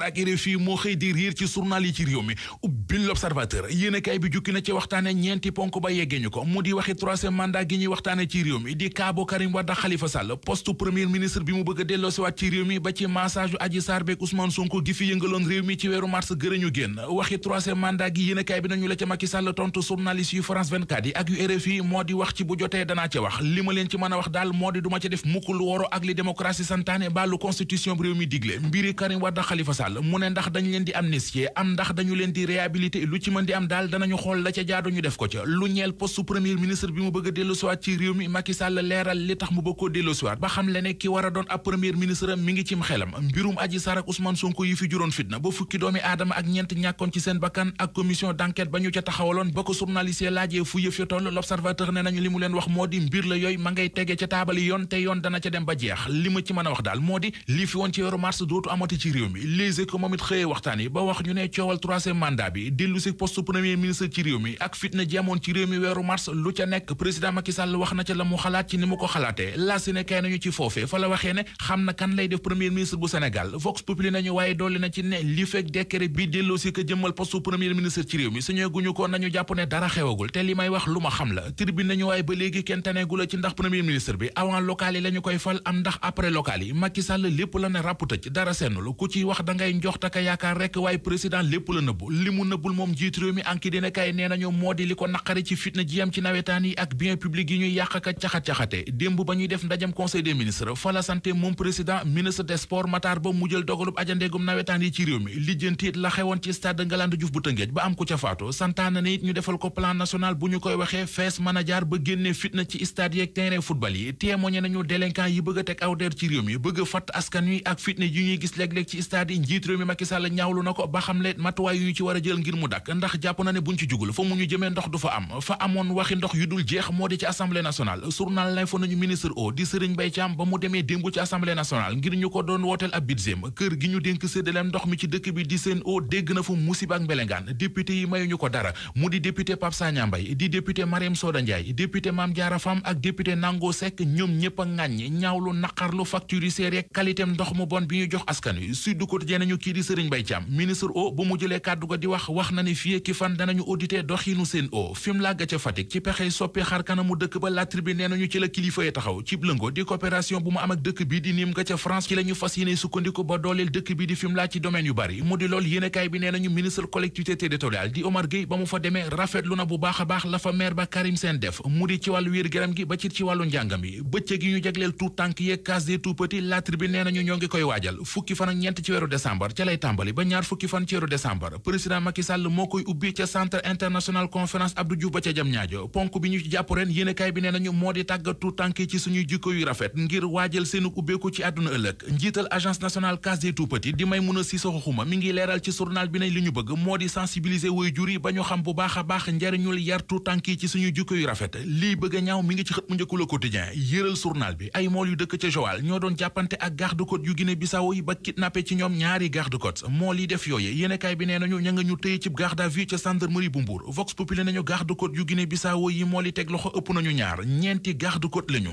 ministre ak RFI moo xëy di riir ci journal yi ci réew mi ubbi l'observateur yéenekaay bi jukki na ci waxtaane ñeenti ponk ba yeggee ñu ko mu di waxi troisième gi ñuy waxtaane ci réew mi a ba ci massage Adji Sarr beeg Ousmane gi fi yëngaloon réew mi ci weeru mars gërëñu génn waxi troisième gi yéenekaay bi nañu la ca Macky Sall tontu journaliste yu France 24 yi ak yu RFI moo di wax ci bu jotee danaa ca wax li ci mën a wax daal moo di duma ca def mukk lu woro ak li Sall mu ne ndax dañ leen di amnistier am ndax dañu leen di réhabiliter lu ci mën di am daal danañu xool la ca jaadu ñu def ko ca lu ñeel poste premier ministre bi mu bëgg a delloosiwaat ci réew mi Macky Sall leeral li tax mu bëgg koo delloosiwaat ba xam le ne ki war a doon ab premier ministre mi ngi cim xelam mbirum Adji Sarr ak Ousmane Sonko yi fi juróon fitna ba fukki doomi aadama ak ñeent ñàkkoon ci seen bakkan ak commission d'enquête ba ñu ca taxawaloon ba ko Sek moom it xëyee waxtaan yi ba wax ñu ne coowal troisième mandat bi dellu si poste premier ministre ci réew mi ak fitna ji ci réew mi weeru mars lu ca nekk président Macky wax na ca la mu xalaat ci ni mu ko xalaatee laas ne nañu ci foofee fa waxee ne xam na kan lay def premier ministre bu Sénégal Vox Populi nañu waaye dolli na ci ne li fekk décret bi dellu ko jëmmal poste premier ministre ci réew mi suñu guñu ko nañu jàpp ne dara xewagul te li may wax lu ma ngay njox taka yaakaar rek waaye moom président ministre des sports Ba mu jël dogalub ajandeegum nawetaan yi ci réew mi lijjantiit la xewoon ci stade Ngalandou Diouf bu Tëngéej ba am ku ca faatu santaana ne ñu defal ko plan national bu ñu koy waxee fees mën a jaar ba génnee fitna ci stade yeeg terrain football yi témoigné nañu délinquant yi bëgg a teg aw ci réew mi bëgg a fatt askan wi ak fitna yi ñuy gis léeg-léeg ci stade yi njiit réew mi Macky Sall ñaawlu na ko ba xam le matuwaay yu ci war a jël ngir mu dakk ndax jàpp na ne buñ ci jugul fa mu ñu jëmee ndox du fa am fa amoon waxi ndox yu dul jeex moo di ci assemblée nationale journal lay fa nañu ministre o di Serigne Mbaye Thiam ba mu demee démb ci assemblée nationale ngir ñu ko doon wooteel ab budgem kër gi ñu dénk séddaleem ndox mi ci dëkk bi di seen o dégg na fu musiba ak mbelengaan député yi mayuñu ko dara mu di député Pape ndox mu bon bi ñu jox askan wi nañu kii di Serigne Mbaye Thiam ministre o bu mu jëlee kàddu ga di wax wax na ni fii ki fan danañu audité doxinu seen o fim laa ga ca Fatick ci pexey soppee xar kanamu dëkk ba la tribune nee nañu ci la kilifa yi taxaw ci lëngo di coopération bu mu am dëkk bi di nim ga ca France ci la ñu fas yéene sukkandiku ba dooleel dëkk bi di fim laa ci domaine yu bari mu di lool yéenekaay bi nee nañu ministre collectivité territoriale di Omar Gueye ba mu fa demee rafetlu na bu baax baax la fa maire ba Karim Sène def mu di ci wàllu wér-gu-yaram ba ci ci wàllu njàngam yi bëccëg yi ñu jagleel tout tànk yeeg case des tout nañu ñoo ngi koy waajal fukki fan ak ñeent ci weeru décembre décembre ca lay tàmbali ba ñaar fukki fan ceeru décembre président Macky moo koy ubbi ca centre international conférence Abdou ca jam ñaajo ponk bi ñu ci yéenekaay bi nee nañu moo di tàggatu tànk ci suñuy jikko yu rafet ngir waajal seenu ubbeeku ci àdduna ëllëg njiital agence nationale case des tout-petits di Maïmouna Cissokho Khouma mi ngi leeral ci journal bi nañ li ñu bëgg moo di sensibiliser woy jur ba ñu xam bu baax baax njariñul yartu tànk ci ñaari garde côtes moo li def yooye yéenekaay bi nee nañu ña nga ñu tëye ci garde à vue ca gendarmerie bu Mbour Vox Populi nañu garde côtes yu Guinée Bissau yi moo li teg loxo ëpp nañu ñaar ñeenti garde côtes lañu